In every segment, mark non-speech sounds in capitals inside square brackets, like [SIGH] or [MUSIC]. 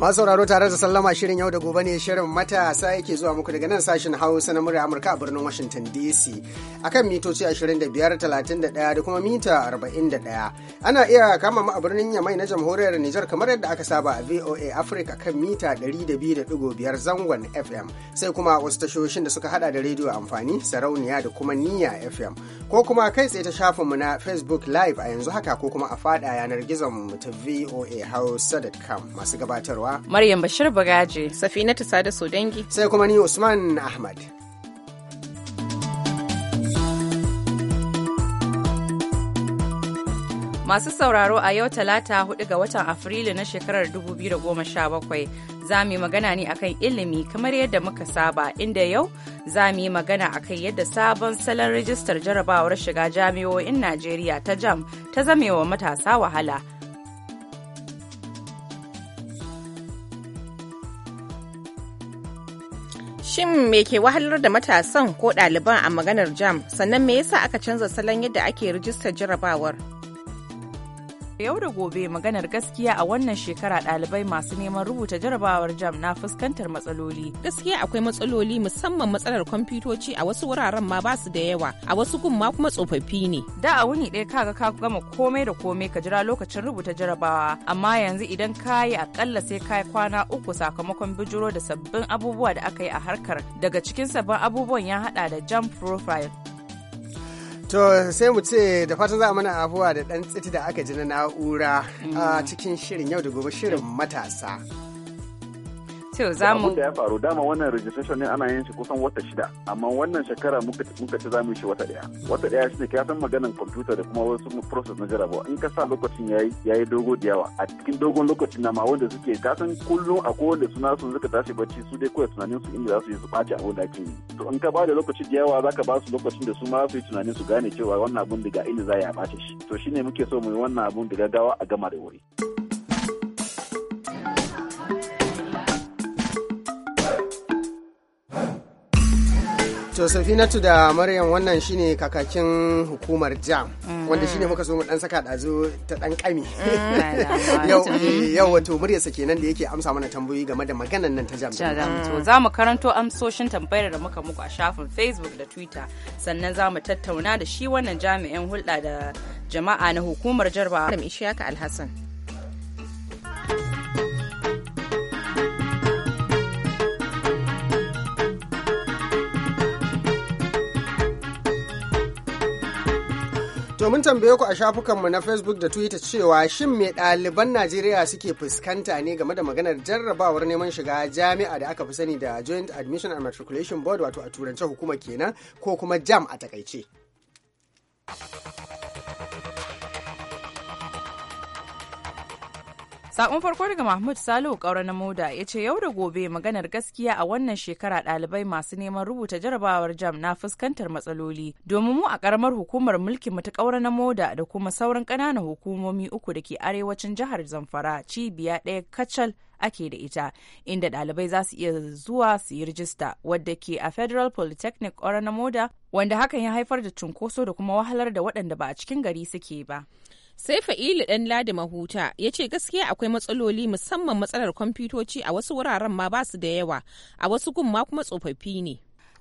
Masu sauraro tare da sallama shirin yau da gobe ne shirin matasa yake zuwa muku daga nan sashen Hausa na murya Amurka a birnin Washington DC kan mitoci 25.31 da kuma mita 41. Ana iya kama mu a birnin Yamai na Jamhuriyar Nijar kamar yadda aka saba a VOA Africa kan mita 200.5 zangon FM sai kuma wasu tashoshin da suka hada da rediyo amfani sarauniya da kuma niyya FM ko kuma kai tsaye ta shafinmu na Facebook Live a yanzu haka ko kuma a faɗa yanar gizon mu ta Hausa.com masu gabatarwa Maryam Bashir Bagaje Safinatu Sada dangi. sai kuma ni Usman Ahmad Masu sauraro a yau talata 4 ga watan Afrilu na shekarar 2017 za mu yi magana ne akan ilimi kamar yadda muka saba inda yau za mu yi magana akan yadda sabon salon rijistar jarabawar shiga jami'o'in Najeriya ta jam ta zamewa matasa wahala. Shin me ke wahalar da matasan ko ɗaliban a maganar jam sannan me yasa aka canza salon yadda ake rijistar jarabawar? Yau da gobe maganar gaskiya a wannan shekara ɗalibai masu neman rubuta jarabawar jam na fuskantar matsaloli. Gaskiya akwai matsaloli musamman matsalar kwamfutoci a wasu wuraren ma ba su da yawa, a wasu gun ma kuma tsofaffi ne. Da a wuni ɗaya kaga ka gama komai da komai ka jira lokacin rubuta jarabawa, amma yanzu idan ka yi akalla sai ka kwana uku sakamakon bijiro da sabbin abubuwa da aka yi a harkar. Daga cikin sabbin abubuwan ya haɗa da jam profile, To sai mu ce da fatan za a mana abuwa da ɗan tsiti da aka ji na na'ura a cikin shirin yau da gobe shirin matasa. To za mu da ya faru dama wannan registration ne ana yin shi kusan wata shida amma wannan shekara muka muka ci zamu shi wata daya wata daya ne ka san maganan computer da kuma wasu process na jarabawa in ka sa lokacin yayi yayi dogo da yawa a cikin dogon lokacin na ma wanda suke ka san kullum a kowanne suna sun suka tashi bacci su dai kawai tunanin su inda za su yi su bace abin da to in ka ba da lokaci da yawa zaka ba su lokacin da su ma su yi tunanin su gane cewa wannan abun daga inda za a bace shi to shine muke so mu yi wannan abun da gawa a gama da wuri. to safinatu da maryam wannan shine kakakin hukumar jam mm. wanda shine muka so mu dan saka dazu ta dan kami mm, [LAUGHS] eh, yau wato muryarsa kenan da yake amsa mana tambayoyi game da maganan nan ta jam to za mu karanto amsoshin tambayar da muka muku a shafin facebook da twitter sannan za mu tattauna da shi wannan jami'an hulɗa da jama'a na hukumar jarba Maryam Ishiyaka Alhassan mun tambaye ku a shafukanmu na Facebook da Twitter cewa shin me ɗaliban Najeriya suke fuskanta ne game da maganar jarrabawar neman shiga jami'a da aka fi sani da Joint Admission and Matriculation Board wato a turance hukuma kenan ko kuma JAM a takaice. Sakon farko daga Mahmud Salihu Kaura na Moda ya ce yau da gobe maganar gaskiya a wannan shekara ɗalibai masu neman rubuta jarabawar jam na fuskantar matsaloli. Domin mu a karamar hukumar mulkin mu ta na Moda da kuma sauran ƙananan hukumomi uku da ke arewacin jihar Zamfara cibiya ɗaya kacal ake da ita inda ɗalibai za su iya zuwa su yi rijista wadda ke a federal polytechnic moda wanda hakan ya haifar da cunkoso da kuma wahalar da waɗanda ba a cikin gari suke ba sai fa'ilu ɗan ladi mahuta ya ce gaskiya akwai matsaloli musamman matsalar kwamfutoci a wasu wuraren ma ba su da yawa a wasu gumma kuma tsofaffi ne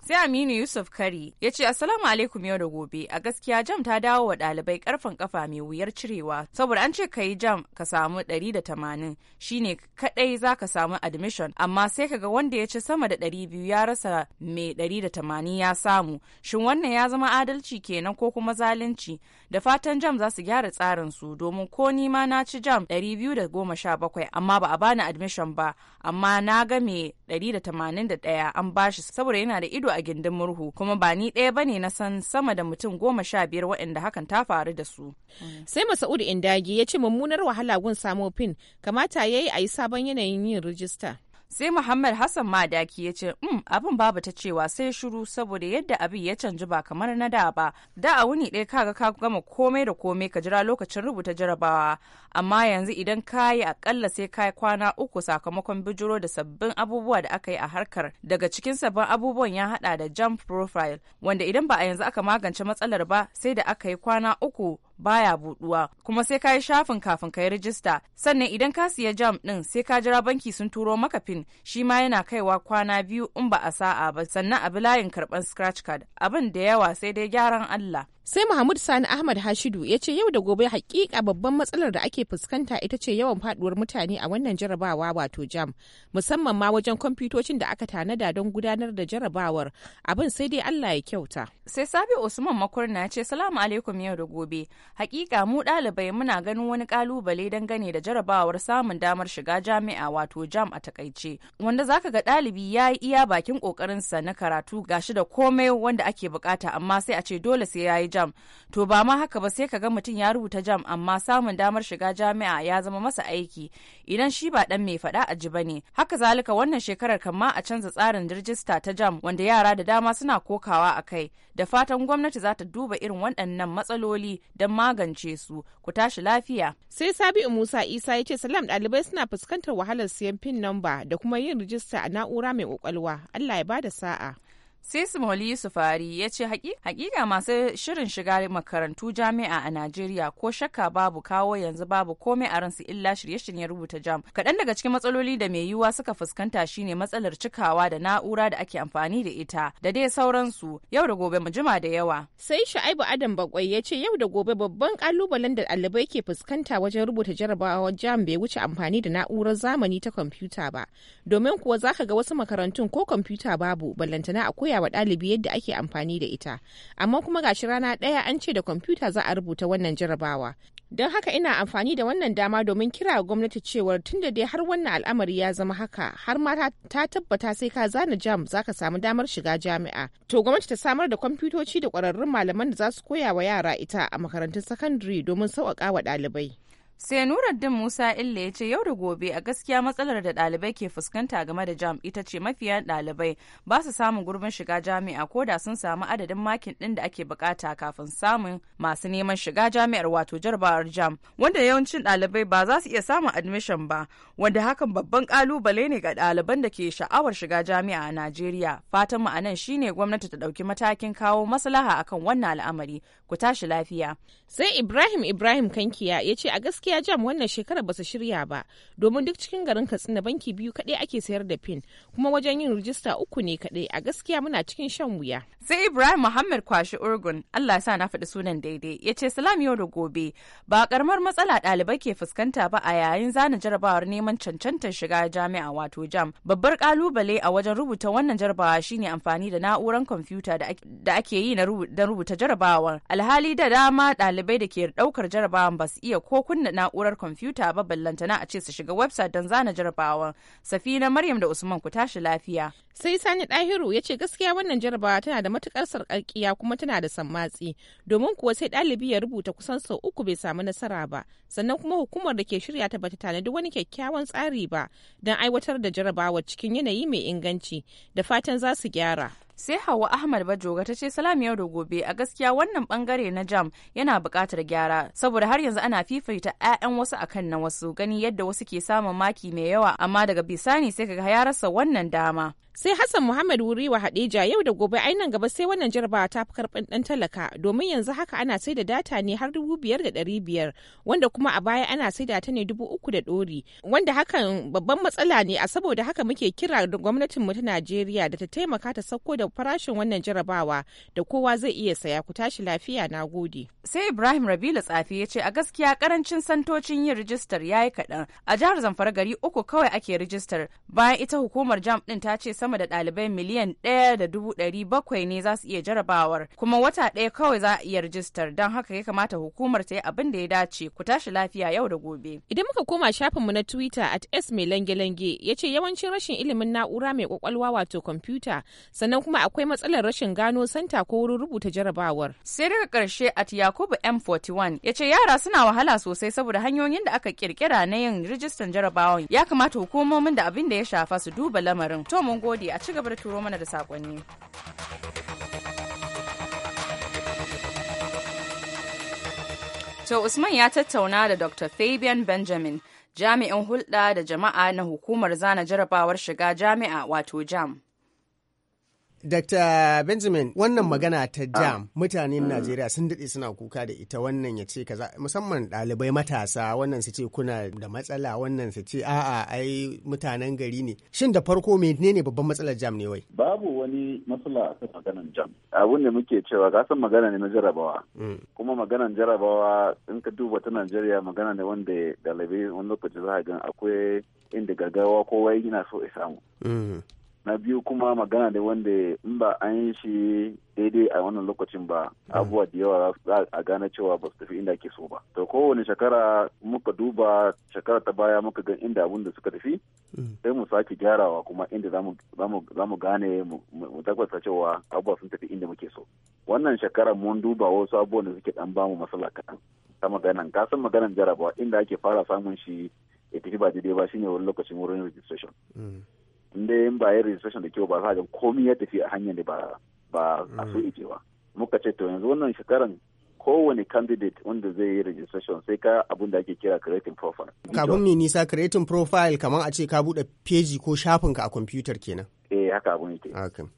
sai aminu yusuf kari ya ce assalamu alaikum yau da gobe a gaskiya jam ta dawo wa ɗalibai karfin kafa mai wuyar cirewa saboda an ce ka yi jam ka samu ɗari da 180 shine kaɗai za ka samu admission amma sai ka ga wanda ya ci sama da 200 ya rasa mai ɗari da tamanin ya samu shin wannan ya zama adalci kenan ko kuma zalunci da fatan jam za su gyara tsarin su domin ko ni ma na ci jam bakwai amma ba a bani admission ba amma na ga mai 181 an bashi saboda yana da ido a a gindin murhu kuma ba ni ɗaya bane na san sama da mutum goma sha biyar waɗanda hakan ta faru da su. Sai Masa'udu Indagi ya ce mummunar wahala gun samo pin kamata ya yi a yi sabon yanayin yin rijista. sai muhammad hassan madaki ya ce um abin babu ta cewa sai shiru saboda yadda abin ya canji ba kamar na da ba da a wuni ɗaya kaga ka gama komai da komai ka jira lokacin rubuta jarabawa amma yanzu idan ka yi akalla sai ka kwana uku sakamakon bijiro da sabbin abubuwa da aka yi a harkar daga cikin sabbin abubuwan ya haɗa da jump profile wanda idan ba a yanzu aka magance matsalar ba sai da aka yi kwana uku baya buɗuwa kuma sai ka yi shafin kafin ka yi rijista sannan idan ka siya jam ɗin sai ka jira banki sun turo maka pin shi ma yana kaiwa kwana biyu in ba a sa'a ba sannan a bi layin karɓar scratch card abin da yawa sai dai gyaran Allah sai mahmud sani ahmad hashidu ya ce yau da gobe hakika babban matsalar da ake fuskanta ita ce yawan faduwar mutane a wannan jarabawa wato jam musamman ma wajen kwamfutocin da aka tanada don gudanar da jarabawar abin sai dai allah ya kyauta sai sabi usman makurna ya ce salamu alaikum yau da gobe hakika mu ɗalibai muna ganin wani kalubale dangane da jarabawar samun damar shiga jami'a wato jam a takaice wanda zaka ga ɗalibi ya yi iya bakin ƙoƙarinsa na karatu gashi da komai wanda ake bukata amma sai a ce dole sai ya yi jam to ba ma haka ba sai ka ga mutum ya rubuta jam amma samun damar shiga jami'a ya zama masa aiki idan shi ba dan mai fada a ji bane haka zalika wannan shekarar kan ma a canza tsarin rijista ta jam wanda yara da dama suna kokawa a kai da fatan gwamnati za ta duba irin waɗannan matsaloli don magance su ku tashi lafiya sai sabi'u musa isa ya ce salam ɗalibai suna fuskantar wahalar siyan pin namba da kuma yin rijista a na'ura mai kwakwalwa allah ya bada sa'a sai Simoli Yusufari ya ce hakika masu shirin shiga makarantu jami'a a Najeriya ko shakka babu kawo yanzu babu komai a ransu illa shirye-shiryen rubuta jam. Kaɗan daga cikin matsaloli da mai yiwuwa suka fuskanta shine matsalar cikawa da na'ura da ake amfani da ita da dai sauransu yau da gobe mu jima da yawa. Sai Sha'ibu Adam Bakwai ya ce yau da gobe babban kalubalen da ɗalibai ke fuskanta wajen rubuta jarabawar jam bai wuce amfani da na'urar zamani ta kwamfuta ba. Domin kuwa zaka ga wasu makarantun ko kwamfuta babu ballantana akwai koya wa ɗalibi yadda ake amfani da ita amma kuma gashi rana ɗaya an ce da kwamfuta za a rubuta wannan jarabawa don haka ina amfani da wannan dama domin kira gwamnati cewar tunda dai har wannan al'amari ya zama haka har ma ta tabbata sai ka zana jam za ka samu damar shiga jami'a to gwamnati ta samar da kwamfutoci da ƙwararrun malaman da za su koya wa yara ita a makarantun sakandare domin sauƙaƙa wa ɗalibai sai nuruddin musa illa ya ce yau da gobe a gaskiya matsalar da ɗalibai ke fuskanta game da jam ita ce mafiya ɗalibai ba su samun gurbin shiga jami'a ko da sun samu adadin makin ɗin da ake bukata kafin samun masu neman shiga jami'ar wato jarabawar jam wanda yawancin ɗalibai ba za su iya samun admission ba wanda hakan babban kalubale ne ga ɗaliban da ke sha'awar shiga jami'a a najeriya fatan mu anan shine gwamnati ta ɗauki matakin kawo maslaha akan wannan al'amari ku tashi lafiya. Sai Ibrahim Ibrahim Kankiya ya ce a gaskiya jam wannan shekarar ba su shirya ba domin duk cikin garin Katsina banki biyu kaɗai ake sayar da pin kuma wajen yin rijista uku ne kaɗai a gaskiya muna cikin shan wuya. Sai Ibrahim Muhammad Kwashi Urgun Allah sa na faɗi sunan daidai ya ce salam yau da gobe ba karamar matsala ɗalibai ke fuskanta ba a yayin zana jarabawar neman cancantar shiga jami'a wato jam babbar kalubale a wajen rubuta wannan jarabawa shine amfani da na'urar kwamfuta da ake yi na rubuta jarabawar alhali da dama dalibai da ke daukar jarabawan ba su iya ko kunna na'urar kwamfuta ba ballantana a ce su shiga website don zana jarabawan safina maryam da usman ku tashi lafiya sai sani ɗahiru ya ce gaskiya wannan jarabawa tana da matukar sarƙaƙiya kuma tana da sammatsi domin kuwa sai dalibi ya rubuta kusan sau uku bai samu nasara ba sannan kuma hukumar da ke shirya ta bata tanadi wani kyakkyawan tsari ba don aiwatar da jarabawar cikin yanayi mai inganci da fatan za su gyara sai hawa ahmad bajoga ta ce salam yau da gobe a gaskiya wannan bangare na jam yana bukatar gyara saboda har yanzu ana fifita 'ya'yan wasu akan na wasu gani yadda wasu ke samun maki mai yawa amma daga bisani sai kaga ya rasa wannan dama sai hassan muhammad wuri wa hadija yau da gobe ai gaba sai wannan jarabawa ta fi karɓin ɗan talaka domin yanzu haka ana sai da data ne har dubu biyar da ɗari biyar wanda kuma a baya ana sai da ta ne dubu uku da ɗori wanda hakan babban matsala ne a saboda haka muke kira da gwamnatinmu ta najeriya da ta taimaka ta sauko da farashin wannan jarabawa da kowa zai iya saya ku tashi lafiya na gode. Sai Ibrahim Rabilu Tsafi ya ce a gaskiya karancin santocin yin rijistar ya yi kaɗan. A jihar Zamfara gari uku kawai ake rijistar bayan ita hukumar jam ɗin ta ce sama da ɗalibai miliyan ɗaya da dubu ɗari bakwai ne za su iya jarabawar kuma wata ɗaya kawai za a iya rijistar don haka ya kamata hukumar ta yi abin da ya dace ku tashi lafiya yau da gobe. Idan muka koma shafinmu na Twitter at S mai lange-lange ya ce yawancin rashin ilimin na'ura mai kwakwalwa wato kwamfuta sannan kuma kuma akwai matsalar rashin gano santa ko wurin rubuta jarabawar. Sai daga ƙarshe a Yakubu M41 ya ce yara suna wahala sosai saboda hanyoyin da aka kirkira na yin rijistan jarabawan ya kamata hukumomin da abin da ya shafa su duba lamarin. To mun gode a ci gaba da turo mana da saƙonni. To Usman ya tattauna da Dr. Fabian Benjamin, jami'in hulɗa da jama'a na hukumar zana jarabawar shiga jami'a wato jam. Dr. Benjamin wannan mm. magana ta ah. jam mutanen mm. Najeriya sun daɗe suna kuka da ita wannan ya ce kaza musamman ɗalibai matasa wannan su ce kuna da matsala wannan su ce a'a ai mutanen gari ne shin da farko menene babban matsalar jam ne wai babu wani matsala a kan maganan jam abin da muke cewa gasan san magana ne na jarabawa mm. kuma maganan jarabawa in ka duba ta Najeriya magana ne wanda ɗalibai wani lokaci za a gan akwai inda gaggawa kowa yana so ya samu na biyu kuma magana da wanda in ba an yi shi daidai a wannan lokacin ba mm. abubuwa da yawa za a gane cewa ba su tafi inda ake so ba to kowane shekara muka duba shekara ta baya muka ga inda abun da suka tafi mm. sai mu sake gyarawa kuma inda za mu gane mu tabbata cewa abubuwa sun tafi inda muke so wannan shekara mun duba wasu abubuwan da suke dan bamu matsala kaɗan ta maganan san maganan jarabawa inda ake fara samun shi ya tafi ba daidai ba shine wani lokacin wurin registration mm. inda yin bayan registration da kyau ba za ga komi ya tafi a hanyar da ba ba mm. e a so ije ba muka ce to yanzu wannan shekaran kowane candidate wanda zai yi registration sai ka abun da ake kira creating profile kafin mi nisa creating profile kamar a ce ka bude peji ko shafin ka a computer kenan eh haka abun yake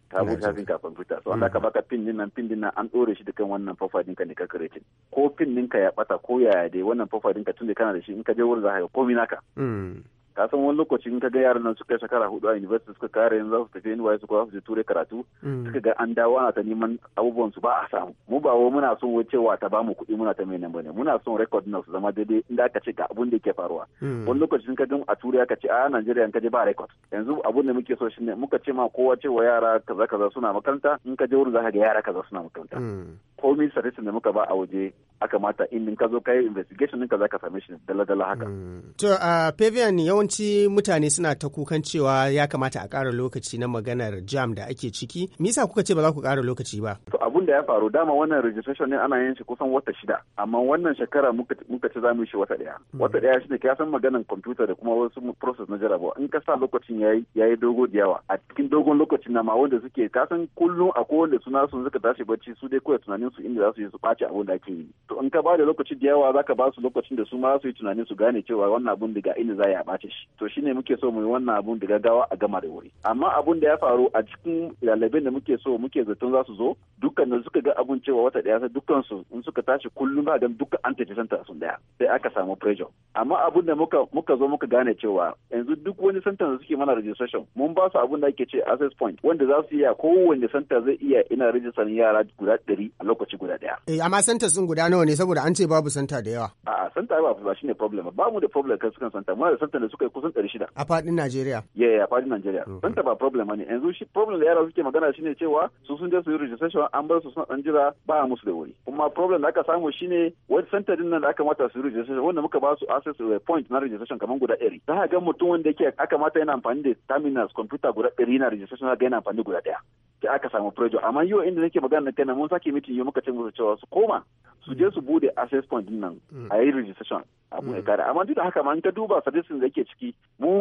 ka bude shafin ka a computer so mm. Allah ka baka pin din nan pin din nan an dore shi dukan wannan profile din ka ne ka creating ko pin din ka ya bata ko yaya dai wannan profile din ka tunda kana da shi in ka je wurin za ka komi naka mm. ka san wani lokacin ka ga yaran nan suka shekara hudu a university suka kare yanzu su tafi NY su za su ture karatu mm. suka ga an dawo ana ta neman abubuwan su ba a samu mu ba wai muna wace cewa ta bamu kuɗi muna ta mai bane muna son record na su zama daidai inda aka ce ga abun da yake faruwa mm. wani lokacin ka ga a ture aka ce a Najeriya ka je ba record yanzu abun da muke so shine muka ce ma kowa cewa yara kaza kaza suna makaranta in ka je wurin zaka ga yara kaza suna makaranta mm. komai statistics da muka ba a waje aka mata in ka zo ka yi investigation ɗinka za ka same shi dala-dala haka. Mm. To uh, a Pavian yawanci mutane suna ta kukan cewa ya kamata a kara lokaci na maganar jam da ake ciki. Me yasa kuka ce ba za ku ƙara lokaci ba? To abun da ya faru dama wannan registration ne ana yin shi kusan wata shida amma wannan shekara muka ce za mu shi wata ɗaya. Mm. Wata ɗaya ne ka san maganar kwamfuta da kuma wasu process na jarabawa in ka sa lokacin ya yi dogo da yawa a cikin dogon lokacin na ma wanda suke ka san kullum a wanda suna sun suka tashi bacci su dai kawai tunanin su inda za su yi su bace abun da ake yi. to in ka ba da lokaci da yawa zaka ba su lokacin da su ma su yi tunanin su gane cewa wannan abun daga ina za a ɓace shi to shine muke so mu yi wannan abun da gaggawa a gama da wuri amma abun da ya faru a cikin lalabin da muke so muke zaton za su zo dukkan da suka ga abun cewa wata daya sai dukkan su in suka tashi kullum ba dan dukkan an tafi santa sun daya sai aka samu pressure amma abun da muka muka zo muka gane cewa yanzu duk wani santa da suke mana registration mun ba su abun da ake ce access point wanda za su iya kowanne santa zai iya ina rijistar yara guda 100 a lokaci guda daya Eh amma santa sun guda nawa nawa ne saboda an ce babu santa da yawa a'a santa ba ba shine problem ba mu da problem kan sukan santa mu da santa da suka yi kusan 600 a fadin Najeriya ye a fadin Najeriya mm-hmm. santa ba problem ne yanzu shi problem da yara suke magana shine cewa su sun je su yi registration an bar su suna dan jira ba musu da wuri kuma problem da aka samu shine wani santa din nan da aka mata su yi registration wanda muka ba su access to eh, point na registration kamar guda 100 za a ga mutum wanda yake aka mata yana amfani da terminals computer guda 100 na registration ga yana amfani guda daya Ke aka samu project amma yau inda nake magana kai na mun sake mitin yau muka ce musu cewa su koma su je su bude access point din nan mm. a yi registration a bude mm. kare amma duk da haka ma ta duba suggestion da yake ciki mu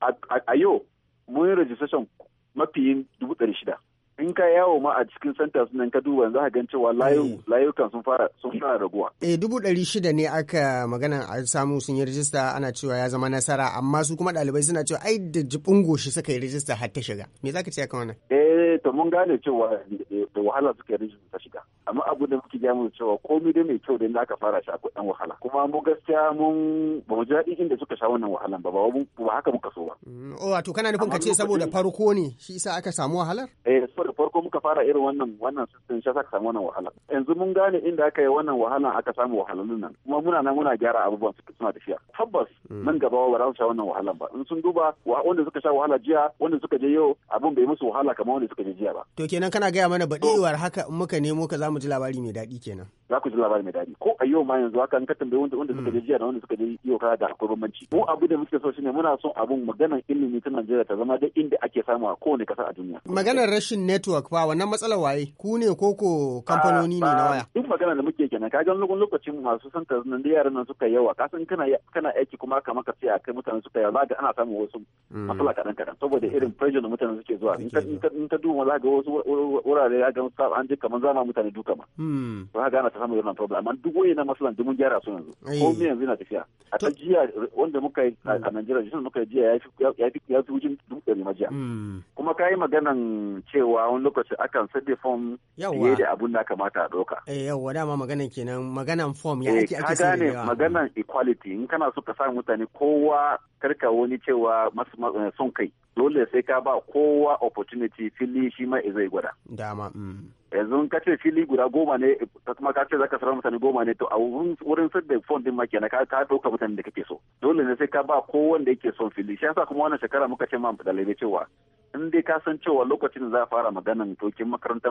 a yau mun yi registration mafiyin dubu ɗari shida in ka yawo ma a cikin centers nan ka duba yanzu gan cewa eh. layukan sun fara sun fara raguwa. Eh dubu ɗari shida ne aka magana a samu sun yi rijista ana cewa ya zama nasara amma su kuma ɗalibai suna cewa ai da jibin goshi suka yi rijista har ta shiga. Me za ka ce akan wannan? Eh to mun gane cewa eh, da wahala suka yi rijista ta shiga. amma abu da muke jamu cewa komai da mai kyau da inda aka fara shi akwai dan wahala kuma mu gaskiya mun ba mu ji inda suka sha wannan wahalan ba ba haka muka so ba. Mm, o oh, wato kana nufin ka ce saboda farko ne shi isa aka samu wahalar. eh saboda farko muka fara irin wannan wannan sistin shi aka samu wannan wahala. yanzu mun gane inda aka yi wannan wahalan aka samu wahalalun nan kuma muna nan muna gyara abubuwan su suna tafiya tabbas mm. nan gaba ba za su sha wannan wahalan ba in sun duba wanda suka sha wahala jiya wanda suka je yau abin bai musu wahala kamar wanda suka je jiya ba. to kenan kana gaya mana baɗewar haka muka nemo ka mu ji labari mai daɗi kenan. Za ku ji labari mai daɗi ko a yau ma yanzu haka in ka tambayi wanda suka je mm. jiya da wanda suka je yau kaga da akwai bambanci. Mu mm. abu da muke so shine muna son abun maganar ilimi ta Najeriya ta zama da inda ake samu a kowane ƙasa a duniya. Maganar rashin network fa wannan matsalar waye ku ne ko ko kamfanoni ne na waya. Duk magana da muke kenan ka ga lokacin lokacin masu son ka nan da yaran nan suka yawa ka san kana kana aiki kuma ka maka sai kai mutane suka yawa ga ana samun wasu mm. matsala kaɗan kaɗan saboda irin pressure da mutane suke zuwa in ka duba za ga wasu wurare ya ga an je kamar zama mutane duk duka hmm. ba. Ba ka gane ta samun wannan problem amma duk wani na masalan duk mun gyara su yanzu. Ko mu yanzu yana tafiya. A ta jiya wanda muka yi a hmm. Najeriya shi muka yi jiya ya fi ya fi wujin dubu ɗari ma jiya. Hmm. Kuma ka yi maganan cewa wani lokaci akan sadde form fiye da abun da kamata a ɗauka. Eh yawwa dama maganan kenan maganan form ya eh, ake ake sadewa. Ka gane maganan equality in kana so ka sa mutane kowa karka wani cewa eh, son kai dole sai ka ba kowa opportunity fili shi ma zai gwada dama mm. yanzu ka ce fili guda goma ne kuma ka ce zaka sarar mutane goma ne to a wurin sai da fond din ma kenan ka ka dauka mutane da kake so dole ne sai ka ba kowanne yake son fili shi yasa kuma wannan shekara muka ce ma dalilai cewa in dai ka san cewa lokacin da za a fara maganan tokin makarantar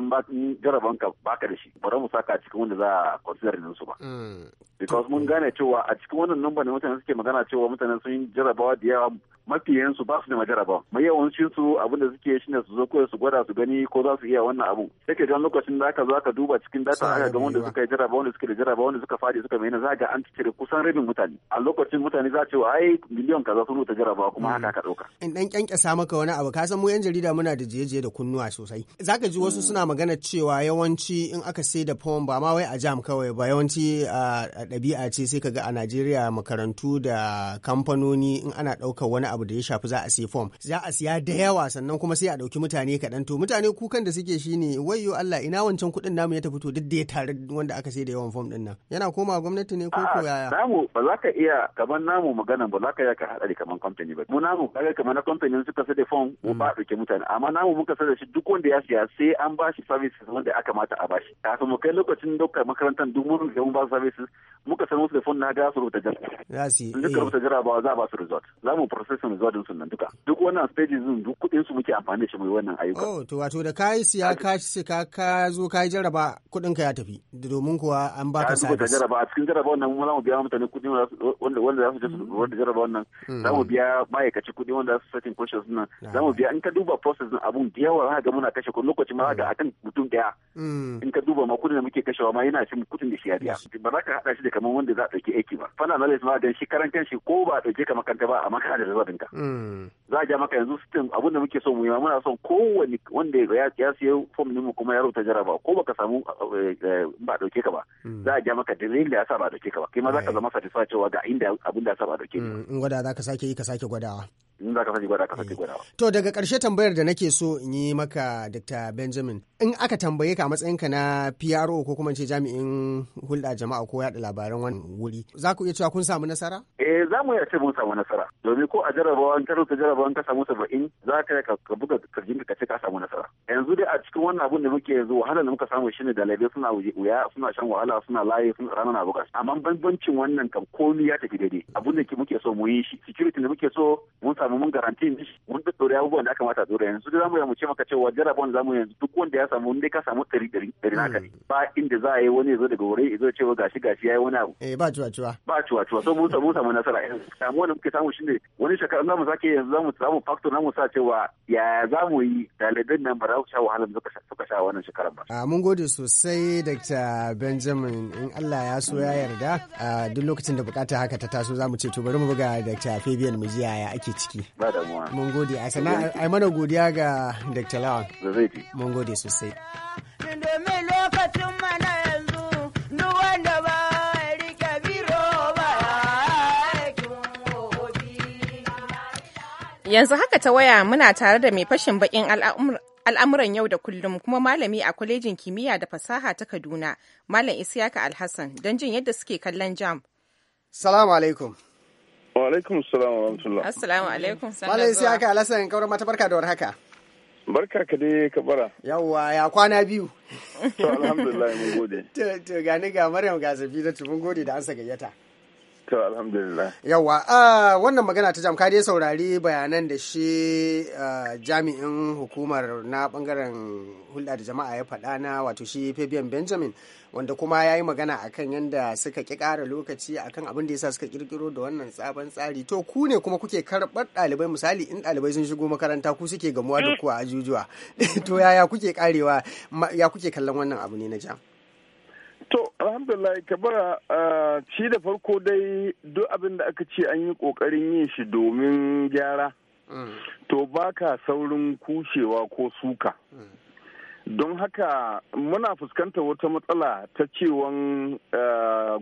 jaraban ka baka da shi bari mu saka cikin wanda za a consider din su ba mm. because mun gane cewa a cikin wannan number ne mutane suke magana cewa mutane sun jarabawa da yawa mafi yansu ba su da majaraba mai yawancin su abin da suke shine su zo kawai su gwada su gani ko za su iya wannan abu sai ke lokacin da aka zo aka duba cikin data aka ga wanda suka yi jaraba wanda suke da jaraba wanda suka fadi suka mena za ga an cire kusan rabin mutane a lokacin mutane za ce ai miliyon kaza sun rubuta jaraba kuma haka mm. ka dauka in dan kyankyasa maka wani abu ka san mu 'yan jarida muna da jeje da kunnuwa sosai zaka ji wasu suna magana cewa yawanci in aka sai da fom ba ma wai a jam kawai ba yawanci a ɗabi'a ce sai kaga a najeriya makarantu da kamfanoni in ana ɗaukar wani abu da ya shafi za a sai fom za a siya da yawa sannan kuma sai a ɗauki mutane kaɗan to mutane kukan da suke shine wayyo allah ina wancan kuɗin namu ya tafi to duk da ya tare wanda aka sai da yawan fom ɗin nan yana koma gwamnati ne ko ko ah, yaya namu ba za ka iya kamar namu magana ba za ka iya ka haɗari kamar kamfani ba mu namu kaga kamar na kamfanin suka sai da fom mu ba mm. ke mutane amma namu muka sanar shi duk wanda ya siya sai an ba shi services wanda ya kamata a bashi kafin mu kai lokacin daukar makarantar duk mun da mun ba services muka sanar musu da fon na ga su rubuta jira za su duk eh. rubuta jira ba za a ba su result za mu processing result din su nan duka duk wannan stages din duk kudin su muke amfani da shi mu wannan ayyuka oh to wato da kai siya ka shi ka ka zo kai jaraba kudin ka ya tafi domin kuwa an baka service ka jaraba a cikin jaraba wannan mun za mu biya mutane kuɗin wanda wanda za su je su hmm. rubuta jaraba wannan za mu hmm. biya ma'aikaci kuɗi wanda za su setting questions nan ah. za mu biya in ka duba process na abun da yawa ga muna kashe kuɗi lokacin ma ga mm. akan mutum daya mm. in ka duba ma kuɗin da muke kashewa ma yana cin kuɗin da shi ya biya ba za ka haɗa shi da kamar wanda za a ɗauki aiki ba fana na ma dan shi karan kanshi ko ba a ɗauke ka makanta ba a kana da zabin ka mm. za a ja maka yanzu system abun da muke so mu yi ma muna son kowane wanda ya ya siyo form ɗin mu kuma ya rubuta jaraba ko baka samu eh, eh, ba ɗauke ka ba za a ja maka rin da ya sa ba ɗauke ka ba kai ma za ka zama satisfied cewa ga inda abun da ya sa ba ɗauke ka in gwada za ka sake yi ka sake gwadawa in za ka sake gwada ka sake gwadawa to daga ƙarshe ƙarshe tambayar da nake so in yi maka Dr. Benjamin, in aka tambaye ka matsayinka na PRO ko kuma ce jami'in hulɗa jama'a ko yaɗa labaran wani wuri, za ku iya cewa kun samu nasara? Eh, za mu iya ce mun samu nasara. Domin ko a jarabawa an ka jarabawa ka samu saba'in za ka ka buga kirjin ka ce ka samu nasara. Yanzu dai a cikin wannan abun da muke yanzu wahalar da muka samu shine dalibai suna wuya suna shan wahala suna layi suna rana na bukas. Amma bambancin wannan kam komi ya tafi daidai. Abun da muke so mu yi shi. Security da muke so mun samu mun garanti mun da abubuwan da aka kamata dole yanzu da zamu mu ce maka cewa jarabon zamu yanzu duk wanda ya samu dai ka samu ɗari ɗari ɗari naka ne mm. ba inda za a yi wani zo daga wuri zo cewa gashi gashi yayi wani abu eh ba cuwa cuwa ba cuwa cuwa so mun samu samu nasara yanzu samu wani muke samu shine wani shekara zamu sake yanzu zamu samu factor namu sa cewa ya mu yi dalibin nan ba za su sha wahalar da suka sha wannan shekarar ba ah, mun gode sosai Dr. Benjamin in Allah ya so ya yarda ah, duk lokacin da bukata haka ta taso zamu ce to bari mu buga Dr. Fabian mu ji yaya ake ciki ba damuwa mun gode a sana'a mana godiya ga Dr. Lawan. Mun gode sosai. yanzu, Yanzu haka ta waya muna tare da mai fashin bakin al'amuran yau da kullum kuma malami a kwalejin kimiyya da fasaha ta Kaduna, Malam Isiyaka Alhassan, don jin yadda suke kallon jam. Salamu alaikum. Wa alaikum salam wa rahmatullah. Assalamu alaikum. Malai sai aka alasan kauran mata barka da warhaka. Barka ka dai ka bara. Yawwa ya kwana biyu. To alhamdulillah mun gode. [LAUGHS] To gani ga Maryam ga Zabi da mun gode da an sa gayyata. to alhamdulillah yawa wannan magana ta jam ka dai saurari bayanan da shi jami'in hukumar na bangaren hulɗa da jama'a ya faɗa na wato shi Fabian Benjamin wanda kuma ya yi magana akan yadda suka ki ƙara lokaci akan abin da ya sa suka kirkiro da wannan sabon tsari to ku ne kuma kuke karɓar ɗalibai misali in ɗalibai sun shigo makaranta ku suke gamuwa da ku a ajujuwa [LAUGHS] to yaya kuke karewa ya kuke kallon wannan abu ne na jam alhamdulillah kabara shi da farko dai duk abin da aka ce an yi kokarin yin shi domin gyara mm. to baka saurin kushewa ko suka mm. don haka muna fuskanta wata matsala ta cewan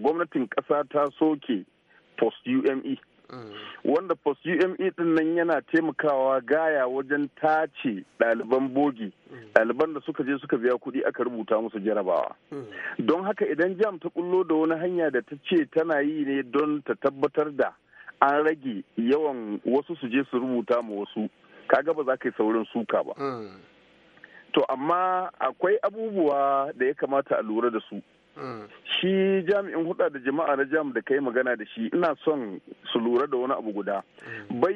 gwamnatin ƙasa ta soke post ume wanda post ume din nan yana taimakawa gaya wajen tace ɗaliban bogi ɗaliban da suka je suka biya kuɗi aka rubuta musu jarabawa don haka idan jam ta kullo da wani hanya da ta ce tana yi ne don ta tabbatar da an rage yawan wasu su je su rubuta ma wasu kaga ba za ka yi saurin suka ba hmm. to amma akwai abubuwa da ya kamata a lura da su shi jami'in hudu da jama'a na jam da ka yi magana da shi ina son su lura da wani abu guda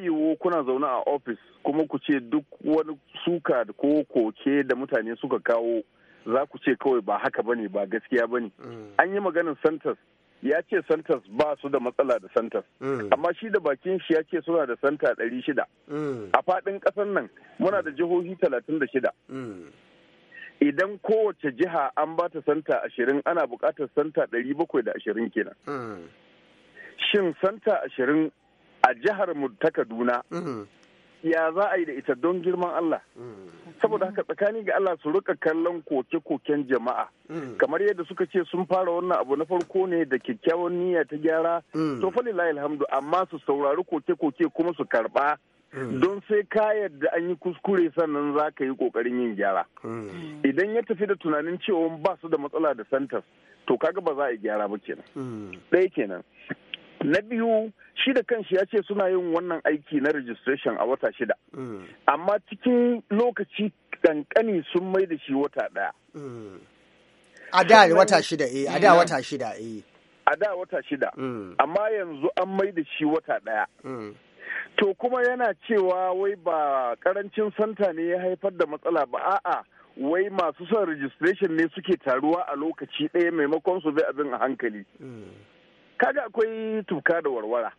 yiwu kuna zaune a ofis kuma ku ce duk wani suka ko koke da mutane suka kawo za ku ce kawai ba haka ba ne ba gaskiya ba ne. an yi maganin santas ya ce santas ba su da matsala da santas amma shi da bakin shi ya ce suna da santa ɗari shida a faɗin ƙasar nan muna da jihohi talatin da shida idan kowace jiha an ba ta santa ashirin ana bukatar santa ɗari bakwai da ashirin kenan shin santa ashirin a jihar mu ta kaduna ya za a yi da ita don girman Allah saboda haka tsakani ga Allah su rika kallon koke-koken jama'a kamar yadda suka ce sun fara wannan abu na farko ne da kyakkyawan niyya ta gyara to fa alhamdu amma su saurari koke-koke kuma su karba Mm. don sai ka yadda an yi kuskure sannan za ka yi kokarin yin gyara mm. idan ya tafi da tunanin cewa ba su da matsala da santas to kaga ba za a yi gyara ba kenan mm. ɗaya kenan na biyu shi da kanshi ya ce suna yin wannan aiki na registration a wata shida amma cikin lokaci kankani sun mai da shi wata ɗaya a da eh, wata shida eh a da wata shida eh a da wata shida amma yanzu an mai da shi wata ɗaya To kuma yana cewa wai ba karancin santa ne ya haifar da matsala ba a'a wai masu son registration ne suke taruwa a lokaci ɗaya maimakon su bi abin a hankali. kaga akwai tufka da warwara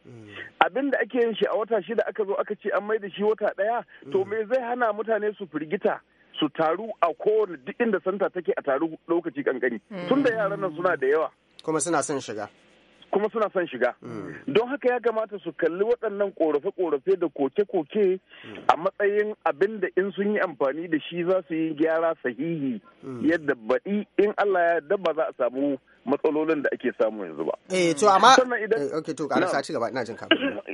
abin da ake yin shi a wata shida aka zo aka ce an mai da shi wata ɗaya to me zai hana mutane su firgita su taru a kowane duk inda santa take a taru lokaci kankani tun da yaran nan suna da yawa kuma suna son shiga kuma suna son shiga mm. don haka ya kamata su kalli waɗannan korafe-korafe da koke-koke a matsayin abin da in sun yi amfani da shi za su yi gyara sahihi mm. yadda baɗi in Allah ya yarda ba za a samu matsalolin da ake samu yanzu ba. Eh to amma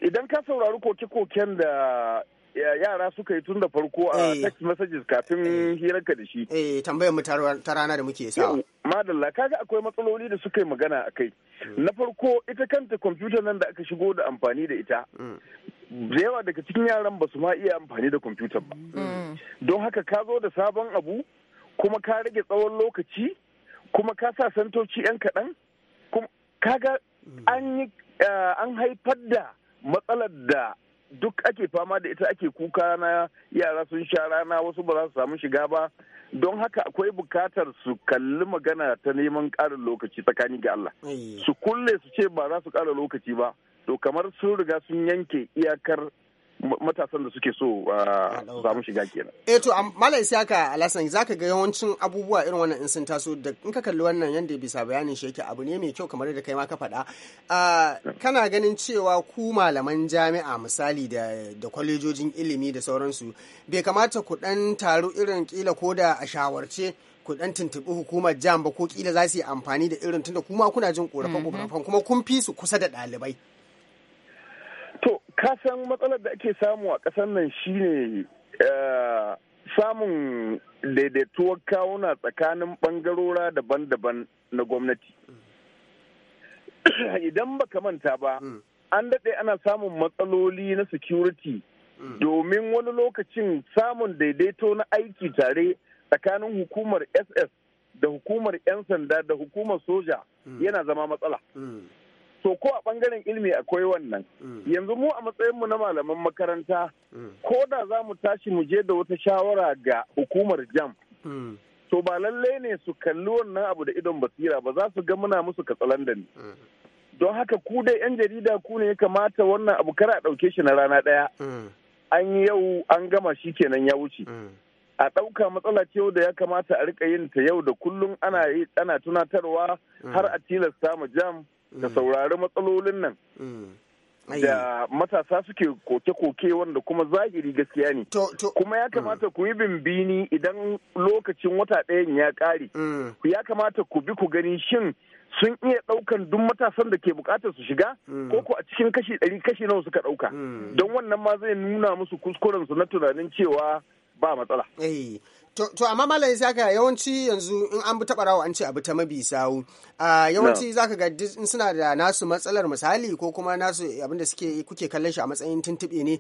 Idan ka saurari koke-koken da yara suka yi tun da farko a eh. text messages kafin eh. hirarka da shi. Eh tambayar mu ta rana da muke sawa. Madalla kaga akwai matsaloli da suka yi magana a kai. Hmm. Na farko ita kanta kwamfuta nan da aka shigo da amfani da ita. Hmm. Da yawa daga cikin yaran ba su ma iya amfani da kwamfutar ba. Hmm. Don haka ka zo da sabon abu kuma ka rage tsawon lokaci kuma ka sa santoci 'yan kaɗan kaga eh, an haifar da matsalar da duk ake fama da ita ake kuka na yara sun sha rana wasu ba za su samu shiga ba don haka akwai bukatar su kalli magana ta neman ƙarin lokaci tsakani ga Allah eh. su kulle su ce ba za su ƙara lokaci ba to kamar sun riga sun yanke iyakar matasan da suke so ah, su shiga kenan. Eh to sai isiyaka alasan zaka ga yawancin abubuwa irin wannan in sun taso da in ka kalli wannan yanda bisa bayanin shi yake abu ne mai kyau kamar da kai ma ka faɗa. Ah, kana ganin cewa ku malaman jami'a misali da da kwalejojin ilimi da sauransu bai kamata ku dan taru irin kila ko da a shawarce ku dan tuntuɓi hukumar jam ba ko kila za su yi amfani da irin tunda kuma kuna jin korafan mm-hmm. kuma kun fi su kusa da ɗalibai. kasan matsalar da ake samu a kasan nan shine eh, samun daidaituwar kawuna tsakanin bangarora daban-daban na gwamnati [CLEARS THROAT] idan baka manta ba mm. an daɗe ana samun matsaloli na security mm. domin wani lokacin samun daidaito na aiki tare tsakanin hukumar ss da hukumar 'yan sanda da hukumar soja mm. yana zama matsala to ko a bangaren ilimi akwai wannan mm. yanzu mu a matsayin mu na malaman makaranta mm. ko da za mu tashi mu je da wata shawara ga hukumar jam mm. to ba lalle ne su kalli wannan abu da idon basira ba za su ga muna musu katsalandan don haka ku dai yan jarida ku ne ya kamata wannan abu kara dauke shi na rana daya. an yau an gama shi kenan ya wuce a ɗauka matsala ce da ya kamata a rika yin ta yau da kullum ana tunatarwa har a tilasta mu jam ka saurari matsalolin nan mm. da matasa suke koke-koke wanda kuma zahiri gaskiya ne kuma ya mm. kamata ku yi bimbini idan lokacin wata ɗayan ya ƙare mm. ya kamata ku bi ku gani shin sun iya ɗaukan duk matasan da ke bukatar su shiga ko ku a cikin kashi ɗari kashi nawa suka ɗauka don wannan ma zai nuna musu kuskuren su na tunanin cewa ba matsala. To, amma sai saka yawanci yanzu in an bi taɓarawa an ce abu ta mabi sawu. yawanci za ka ga in suna da nasu matsalar misali ko kuma nasu abinda suke kuke kallon shi a matsayin tuntuɓe ne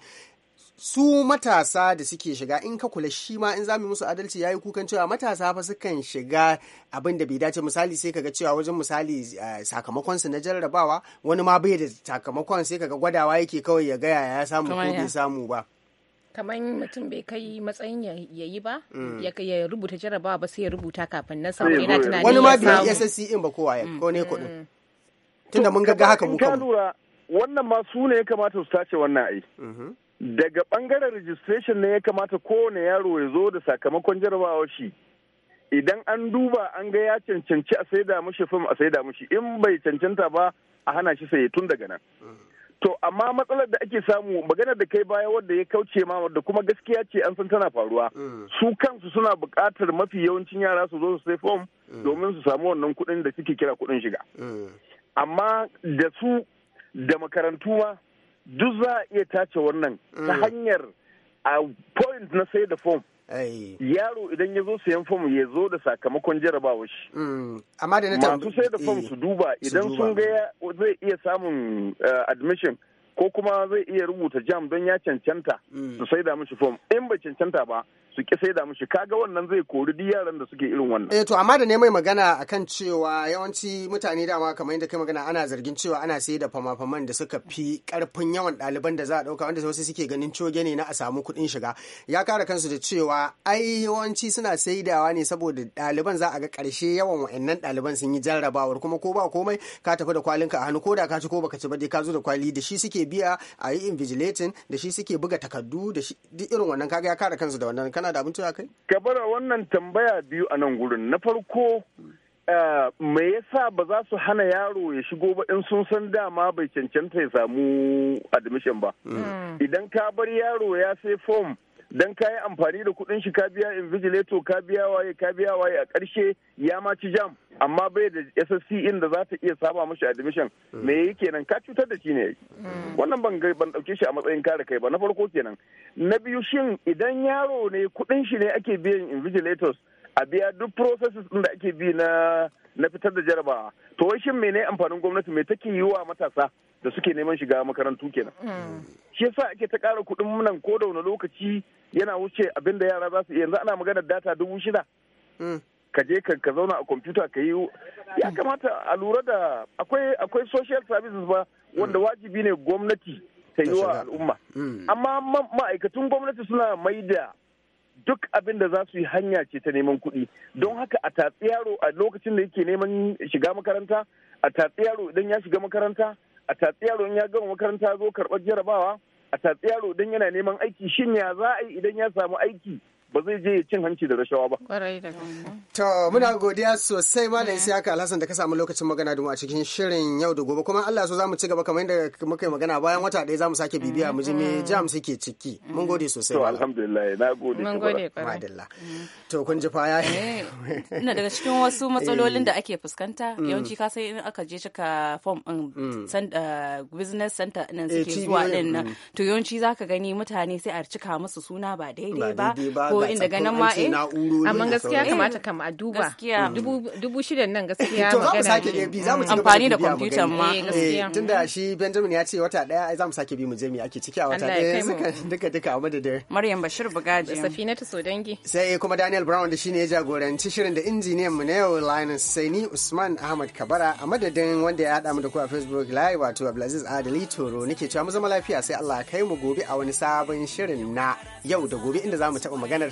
su matasa da suke shiga in ka kula shi ma in zamu musu adalci yayi kukan cewa matasa fa sukan shiga abinda bai dace misali sai kaga cewa wajen misali sakamakon su na jarrabawa wani ma bai da sakamakon sai kaga gwadawa yake kawai ya gaya ya samu ko bai samu ba kamar mutum bai kai matsayin ya yi ba mm. ya rubuta jarabawa ba sai ya rubuta kafin na samu yana tunani wani ma ya SSC in ba kowa ya ko ne mm. kuɗin tunda mun ga haka mu kan wannan ma su ne ya kamata su tace wannan ai mm-hmm. daga bangaren registration ne ya kamata kowane yaro ya zo da sakamakon jarabawar shi idan an duba an ga ya cancanci a saida mushi fim a saida mushi in bai cancanta ba a hana shi saye tun daga nan mm. To amma matsalar da ake samu maganar da kai baya wanda ya kauce ma da kuma gaskiya ce an san tana faruwa. Mm. Su kansu suna bukatar mafi yawancin yara su zo su sai fom mm. domin su samu wannan kuɗin da suke kira kuɗin shiga. Mm. Amma da su da makarantu ma duk za a iya tace wannan ta hanyar a point na sai da fom yaro idan ya zo sayan fom ya zo da sakamakon jarabawa shi mm. amma da masu sai da fom eh, su duba idan sun ga zai iya samun eh, admission ko kuma zai iya rubuta jam don ya cancanta mm. su saida mishi fom in bai cancanta ba su ki saida mishi kaga wannan zai kori duk yaran da suke irin wannan eh to amma da ne mai magana akan cewa yawanci mutane dama kamar yadda kai magana ana zargin cewa ana sayar da fama-faman da suka fi karfin yawan ɗaliban da za a ɗauka wanda wasu suke ganin coge ne na a samu kuɗin shiga ya kara kansu da cewa ai yawanci suna saidawa ne saboda ɗaliban za a ga karshe yawan wa'annan ɗaliban sun yi jarrabawar kuma ko ba komai ka tafi da kwalinka a hannu ko da ka ci ko baka ci ba dai ka zo da kwali da shi suke biya a yi invigilatin da shi suke buga takardu da shi duk irin wannan kaga ya kare kansu da wannan kana da abinci a kai ka bara wannan tambaya biyu a nan gurin na farko eh, me yasa ba za su hana yaro ya shigo ba in sun san dama bai cancanta ya samu admission ba hmm. Hmm. idan ka bar yaro ya sai fom. dan ka amfani da kuɗin shi ka biya invigilator ka biya waye ka biya waye a karshe ya ma ci jam amma bai da SSC in da za ta iya saba mashi admission me yake kenan ka cutar da shi ne wannan ban ban dauke shi a matsayin kare kai ba na farko kenan na biyu shin idan yaro ne kudin shi ne ake biyan invigilators a biya duk processes din da ake bi na na fitar da jarabawa to wai shin mene amfanin gwamnati me take yi wa matasa da suke neman shiga makarantu kenan mm. shi yasa ake ta kara kuɗin nan ko da wani lokaci yana wuce abin da yara za su yanzu ana magana data dubu shida mm. ka je ka zauna a kwamfuta ka yi ya mm. kamata a lura da akwai akwai social services ba wanda mm. wajibi ne gwamnati ta yi wa al'umma amma ma'aikatun gwamnati suna mai da duk abin da za su yi hanya ce ta neman kuɗi don haka a tatsi yaro a lokacin da yake neman shiga makaranta a tatsi yaro idan ya shiga makaranta a tatsi yaro in ya gama makaranta zo karɓar jarabawa a tatsi yaro don yana neman aiki shin ya za a yi idan ya samu aiki ba zai je cin hanci da rashawa ba. To muna godiya sosai ma da haka Alhassan da ka samu lokacin magana da mu a cikin shirin yau da gobe kuma Allah so mu ci gaba kamar yadda muka yi magana bayan wata ɗaya mu sake bibiya mu ji me mm. jam suke ciki. Mun gode sosai. To alhamdulillah na gode. Mun gode kwarai. To kun ji fa yayi. Eh, [LAUGHS] ina daga cikin wasu eh. matsalolin da ake fuskanta mm. yawanci ka sai in aka je cika form din mm. eh, business center nan suke zuwa din nan to yawanci zaka gani mutane sai a cika musu suna ba daidai ba ko in daga nan ma in eh? amma gaskiya kamata kam a duba dubu shidan nan gaskiya to za za mu sake bi magana amfani da kwamfutar ma eh, eh, tunda shi Benjamin ya ce wata daya za mu sake bi mu je mu ake ciki a wata daya suka [LAUGHS] duka duka a madadin Maryam Bashir Bugaji ta Sodangi sai kuma Daniel Brown da shine ya jagoranci shirin da injiniyan mu na yau Linus Saini Usman Ahmad Kabara a madadin wanda ya hada mu da ku a Facebook live wato Abdulaziz Adali Toro nake cewa mu zama lafiya sai Allah ya kai mu gobe a wani sabon shirin na yau da gobe inda za mu taɓa maganar